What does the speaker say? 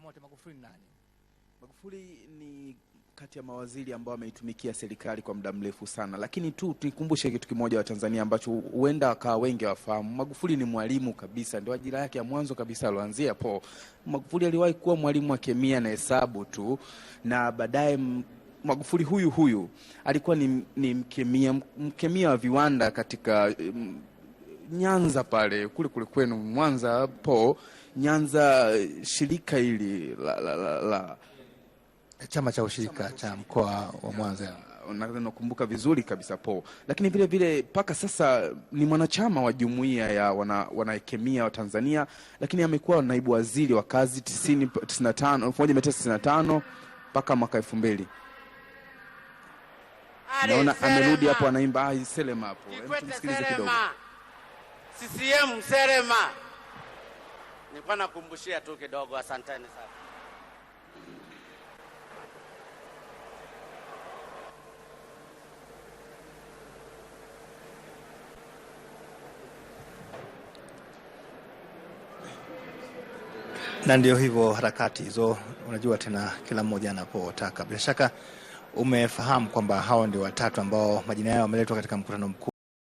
Kamoto Magufuli ni nani? Magufuli ni kati ya mawaziri ambao wameitumikia serikali kwa muda mrefu sana, lakini tu tukumbushe kitu kimoja wa Tanzania ambacho huenda wakawa wengi wafahamu. Magufuli ni mwalimu kabisa, ndio ajira yake ya mwanzo kabisa alianzia po Magufuli aliwahi kuwa mwalimu wa kemia na hesabu tu, na baadaye Magufuli huyu huyu alikuwa ni, ni mkemia, mkemia wa viwanda katika m, Nyanza pale kule kule kwenu Mwanza po Nyanza, shirika hili la, la, la, la chama cha ushirika cha mkoa wa Mwanza nakumbuka vizuri kabisa po, lakini vile vile mpaka sasa ni mwanachama wa jumuiya ya wana wa Tanzania, lakini amekuwa naibu waziri wa kazi 1995 mpaka mwaka elfu mbili. Naona amerudi hapo, anaimba Selema hapo, tumsikilize kidogo. CCM Selema nilikuwa nakumbushia tu kidogo. Asanteni sana. Na ndio hivyo harakati hizo, unajua tena, kila mmoja anapotaka. Bila shaka umefahamu kwamba hao ndio watatu ambao majina yao yameletwa katika mkutano mkuu